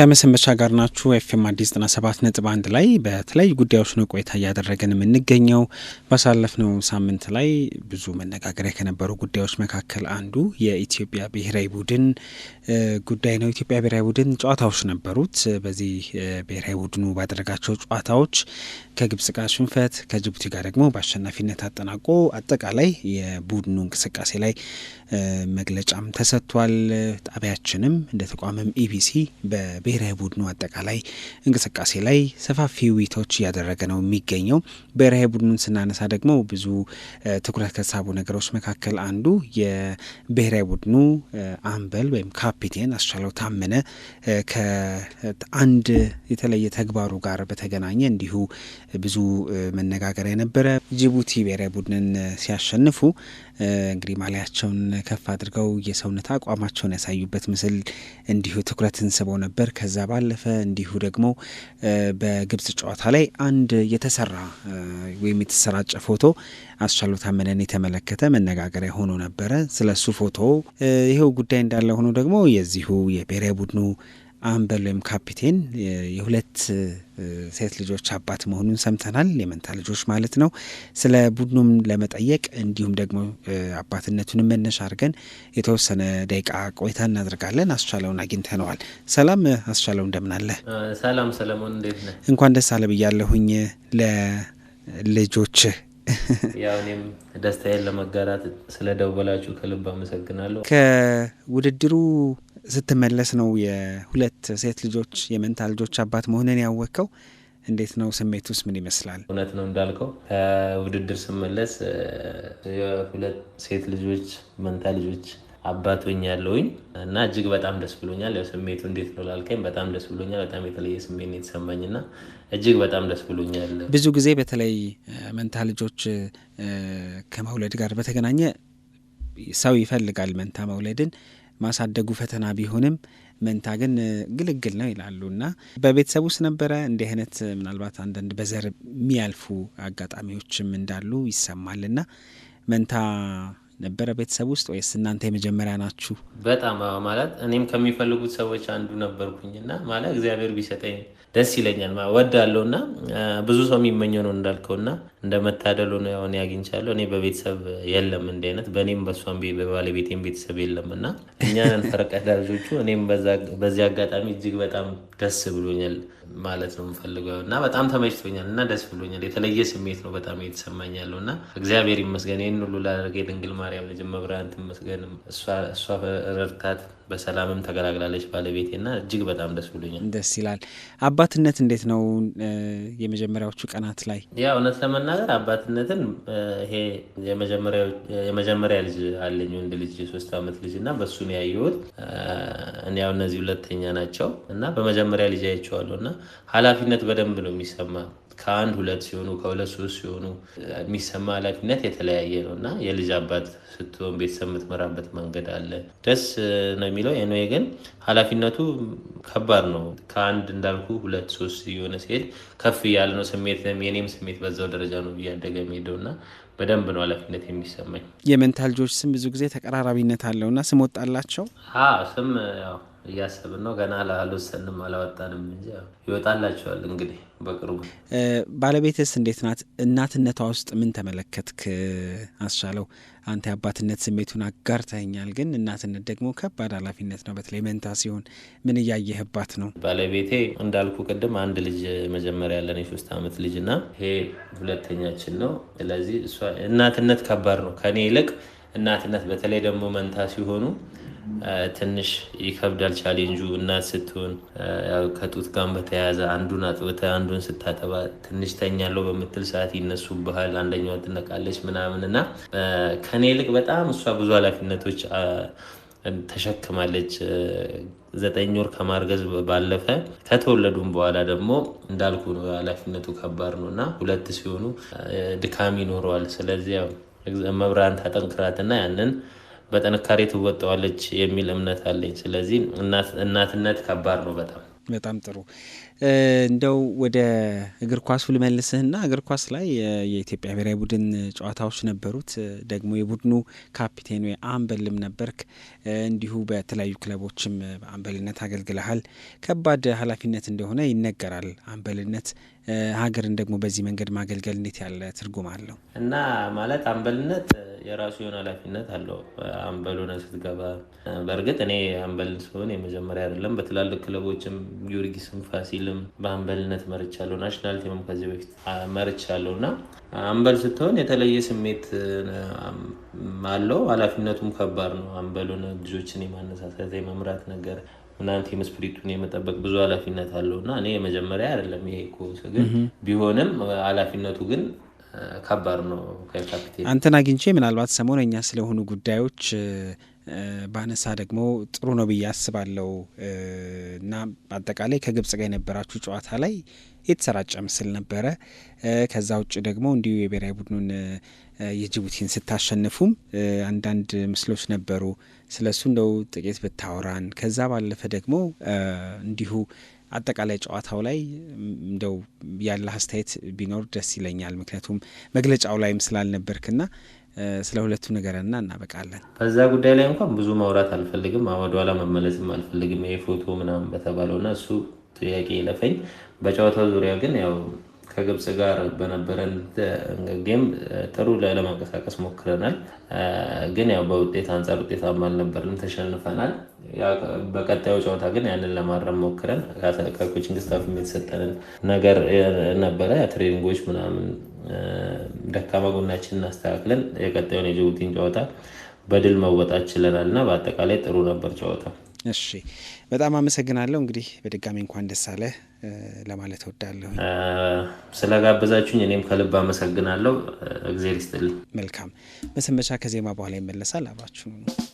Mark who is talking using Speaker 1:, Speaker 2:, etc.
Speaker 1: ከመሰንበቻ ጋር ናችሁ። ኤፍኤም አዲስ ዘጠና ሰባት ነጥብ አንድ ላይ በተለያዩ ጉዳዮች ነው ቆይታ እያደረገን የምንገኘው። ባሳለፍነው ሳምንት ላይ ብዙ መነጋገሪያ ከነበሩ ጉዳዮች መካከል አንዱ የኢትዮጵያ ብሔራዊ ቡድን ጉዳይ ነው። ኢትዮጵያ ብሔራዊ ቡድን ጨዋታዎች ነበሩት። በዚህ ብሔራዊ ቡድኑ ባደረጋቸው ጨዋታዎች ከግብጽ ጋር ሽንፈት፣ ከጅቡቲ ጋር ደግሞ በአሸናፊነት አጠናቆ አጠቃላይ የቡድኑ እንቅስቃሴ ላይ መግለጫም ተሰጥቷል። ጣቢያችንም እንደ ተቋምም ኢቢሲ በብሔራዊ ቡድኑ አጠቃላይ እንቅስቃሴ ላይ ሰፋፊ ውይይቶች እያደረገ ነው የሚገኘው። ብሔራዊ ቡድኑን ስናነሳ ደግሞ ብዙ ትኩረት ከሳቡ ነገሮች መካከል አንዱ የብሔራዊ ቡድኑ አምበል ወይም ካፒቴን አስቻለው ታመነ ከአንድ የተለየ ተግባሩ ጋር በተገናኘ እንዲሁ ብዙ መነጋገሪያ ነበረ። ጅቡቲ ብሔራዊ ቡድንን ሲያሸንፉ እንግዲህ ማሊያቸውን ከፍ አድርገው የሰውነት አቋማቸውን ያሳዩበት ምስል እንዲሁ ትኩረትን ስበው ነበር። ከዛ ባለፈ እንዲሁ ደግሞ በግብጽ ጨዋታ ላይ አንድ የተሰራ ወይም የተሰራጨ ፎቶ አስቻለው ታመነን የተመለከተ መነጋገሪያ ሆኖ ነበረ። ስለሱ ፎቶ ይኸው ጉዳይ እንዳለ ሆኖ ደግሞ የዚሁ የብሔራዊ ቡድኑ አምበል ወይም ካፒቴን የሁለት ሴት ልጆች አባት መሆኑን ሰምተናል። የመንታ ልጆች ማለት ነው። ስለ ቡድኑም ለመጠየቅ እንዲሁም ደግሞ አባትነቱንም መነሻ አድርገን የተወሰነ ደቂቃ ቆይታ እናደርጋለን። አስቻለውን አግኝተነዋል። ሰላም አስቻለው፣ እንደምናለ።
Speaker 2: ሰላም ሰለሞን፣ እንዴት ነህ?
Speaker 1: እንኳን ደስ አለ ብያለሁኝ ለልጆችህ።
Speaker 2: ያው እኔም ደስታዬን ለመጋራት ከልብ አመሰግናለሁ።
Speaker 1: ከውድድሩ ስትመለስ ነው የሁለት ሴት ልጆች የመንታ ልጆች አባት መሆንን ያወቅከው። እንዴት ነው ስሜት ውስጥ ምን ይመስላል?
Speaker 2: እውነት ነው እንዳልከው ከውድድር ስመለስ የሁለት ሴት ልጆች መንታ ልጆች አባት ሆኛለሁኝ እና እጅግ በጣም ደስ ብሎኛል። ያው ስሜቱ እንዴት ነው ላልከኝ በጣም ደስ ብሎኛል። በጣም የተለየ ስሜት ነው የተሰማኝ እና እጅግ በጣም ደስ ብሎኛል።
Speaker 1: ብዙ ጊዜ በተለይ መንታ ልጆች ከመውለድ ጋር በተገናኘ ሰው ይፈልጋል መንታ መውለድን ማሳደጉ ፈተና ቢሆንም መንታ ግን ግልግል ነው ይላሉ እና በቤተሰብ ውስጥ ነበረ እንዲህ አይነት ምናልባት አንዳንድ በዘር የሚያልፉ አጋጣሚዎችም እንዳሉ ይሰማል እና መንታ ነበረ ቤተሰብ ውስጥ ወይስ እናንተ የመጀመሪያ ናችሁ?
Speaker 2: በጣም ማለት እኔም ከሚፈልጉት ሰዎች አንዱ ነበርኩኝ እና ማለት እግዚአብሔር ቢሰጠኝ ደስ ይለኛል ወዳለው እና ብዙ ሰው የሚመኘው ነው እንዳልከው እና እንደ መታደሉ ሆን ያግኝቻለሁ። እኔ በቤተሰብ የለም እንዲህ አይነት በእኔም በእሷም በባለቤቴም ቤተሰብ የለም እና እኛን ልጆቹ እኔም በዚህ አጋጣሚ እጅግ በጣም ደስ ብሎኛል። ማለት ነው የምፈልገው እና በጣም ተመችቶኛል እና ደስ ብሎኛል። የተለየ ስሜት ነው በጣም እየተሰማኝ ያለው እና እግዚአብሔር ይመስገን ይህን ሁሉ ላደረገ የድንግል ማርያም ልጅ መብርሃን ትመስገንም እሷ ረድታት በሰላምም ተገላግላለች ና እጅግ በጣም ደስ ብሎኛል።
Speaker 1: ደስ ይላል። አባትነት እንዴት ነው? የመጀመሪያዎቹ ቀናት ላይ
Speaker 2: ያ እውነት ለመናገር አባትነትን ይሄ የመጀመሪያ ልጅ አለኝ ወንድ ልጅ የሶስት ዓመት ልጅ እና በሱ ያየሁት። እኔ ያው እነዚህ ሁለተኛ ናቸው እና በመጀመሪያ ልጅ አይቼዋለሁ እና ኃላፊነት በደንብ ነው የሚሰማ ከአንድ ሁለት ሲሆኑ ከሁለት ሶስት ሲሆኑ የሚሰማ ኃላፊነት የተለያየ ነው እና የልጅ አባት ስትሆን ቤተሰብ የምትመራበት መንገድ አለ። ደስ ነው የሚለው ኤንዌ ግን ኃላፊነቱ ከባድ ነው። ከአንድ እንዳልኩ ሁለት ሶስት የሆነ ሲሄድ ከፍ እያለ ነው ስሜት የኔም ስሜት በዛው ደረጃ ነው እያደገ የሚሄደው እና በደንብ ነው ኃላፊነት የሚሰማኝ።
Speaker 1: የመንታ ልጆች ስም ብዙ ጊዜ ተቀራራቢነት አለው እና ስም ወጣላቸው
Speaker 2: ስም ያው እያሰብን ነው። ገና አልወሰንም አላወጣንም እንጂ ይወጣላቸዋል እንግዲህ በቅርቡ።
Speaker 1: ባለቤትስ እንዴት ናት? እናትነቷ ውስጥ ምን ተመለከትክ አስቻለው? አንተ የአባትነት ስሜቱን አጋርተኸኛል፣ ግን እናትነት ደግሞ ከባድ ኃላፊነት ነው። በተለይ መንታ ሲሆን ምን እያየህባት ነው?
Speaker 2: ባለቤቴ እንዳልኩ ቅድም አንድ ልጅ መጀመሪያ ያለን የሶስት ዓመት ልጅ እና ይሄ ሁለተኛችን ነው። ስለዚህ እሷ እናትነት ከባድ ነው ከኔ ይልቅ እናትነት በተለይ ደግሞ መንታ ሲሆኑ ትንሽ ይከብዳል ቻሌንጁ። እናት ስትሆን ከጡት ጋር በተያያዘ አንዱን አጥብተ አንዱን ስታጠባ ትንሽ ተኛለው በምትል ሰዓት ይነሱብሃል፣ አንደኛዋ ትነቃለች ምናምን እና ከኔ ይልቅ በጣም እሷ ብዙ ኃላፊነቶች ተሸክማለች። ዘጠኝ ወር ከማርገዝ ባለፈ ከተወለዱም በኋላ ደግሞ እንዳልኩ ነው ኃላፊነቱ ከባድ ነው እና ሁለት ሲሆኑ ድካም ይኖረዋል። ስለዚህ መብራን ታጠንክራትና ያንን በጥንካሬ ትወጣዋለች የሚል እምነት አለኝ። ስለዚህ እናትነት ከባድ ነው በጣም
Speaker 1: በጣም ጥሩ። እንደው ወደ እግር ኳሱ ልመልስህና እግር ኳስ ላይ የኢትዮጵያ ብሔራዊ ቡድን ጨዋታዎች ነበሩት። ደግሞ የቡድኑ ካፒቴን ወይ አምበልም ነበርክ። እንዲሁ በተለያዩ ክለቦችም በአምበልነት አገልግለሃል። ከባድ ኃላፊነት እንደሆነ ይነገራል። አምበልነት ሀገርን ደግሞ በዚህ መንገድ ማገልገል እንዴት ያለ ትርጉም አለው
Speaker 2: እና ማለት አምበልነት የራሱ የሆነ ኃላፊነት አለው። አምበል ሆነ ስትገባ በእርግጥ እኔ አምበልን ሲሆን የመጀመሪያ አይደለም። በትላልቅ ክለቦችም ጊዮርጊስም ፋሲልም በአምበልነት መርቻለሁ። ናሽናል ቲምም ከዚህ በፊት መርቻለሁ እና አምበል ስትሆን የተለየ ስሜት አለው። ኃላፊነቱም ከባድ ነው። አምበል ሆነ ልጆችን የማነሳሳት የመምራት ነገር እናንተ የመስፕሪቱን የመጠበቅ ብዙ ኃላፊነት አለው እና እኔ የመጀመሪያ አይደለም ይሄ ግን ቢሆንም ኃላፊነቱ ግን ከባድ ነው። ካፒቴን
Speaker 1: አንተን አግኝቼ ምናልባት ሰሞነኛ ስለሆኑ ጉዳዮች ባነሳ ደግሞ ጥሩ ነው ብዬ አስባለሁ እና አጠቃላይ ከግብጽ ጋር የነበራችሁ ጨዋታ ላይ የተሰራጨ ምስል ነበረ። ከዛ ውጭ ደግሞ እንዲሁ የብሔራዊ ቡድኑን የጅቡቲን ስታሸንፉም አንዳንድ ምስሎች ነበሩ። ስለሱ እንደው ጥቂት ብታወራን። ከዛ ባለፈ ደግሞ እንዲሁ አጠቃላይ ጨዋታው ላይ እንደው ያለ አስተያየት ቢኖር ደስ ይለኛል። ምክንያቱም መግለጫው ላይም ስላልነበርክና ስለ ሁለቱ ነገርና እናበቃለን።
Speaker 2: በዛ ጉዳይ ላይ እንኳን ብዙ ማውራት አልፈልግም። ወደኋላ መመለስም አልፈልግም። ፎቶ ምናምን በተባለውና እሱ ጥያቄ ይለፈኝ። በጨዋታው ዙሪያ ግን ያው ከግብፅ ጋር በነበረን ጌም ጥሩ ለመንቀሳቀስ ሞክረናል፣ ግን ያው በውጤት አንጻር ውጤታማ አልነበርንም፣ ተሸንፈናል። በቀጣዩ ጨዋታ ግን ያንን ለማረም ሞክረን ከኮችንግ ስታፍ የተሰጠንን ነገር ነበረ ትሬኒንጎች ምናምን ደካማ ጎናችንን አስተካክለን የቀጣዩን የጅቡቲን ጨዋታ በድል መወጣት ችለናል እና በአጠቃላይ ጥሩ ነበር ጨዋታ።
Speaker 1: እሺ በጣም አመሰግናለሁ። እንግዲህ በድጋሚ እንኳን ደስ አለ ለማለት ወዳለሁ
Speaker 2: ስለጋበዛችሁኝ እኔም ከልብ አመሰግናለሁ። እግዜር ይስጥልኝ።
Speaker 1: መልካም መሰንበቻ ከዜማ በኋላ ይመለሳል። አብራችሁ ነው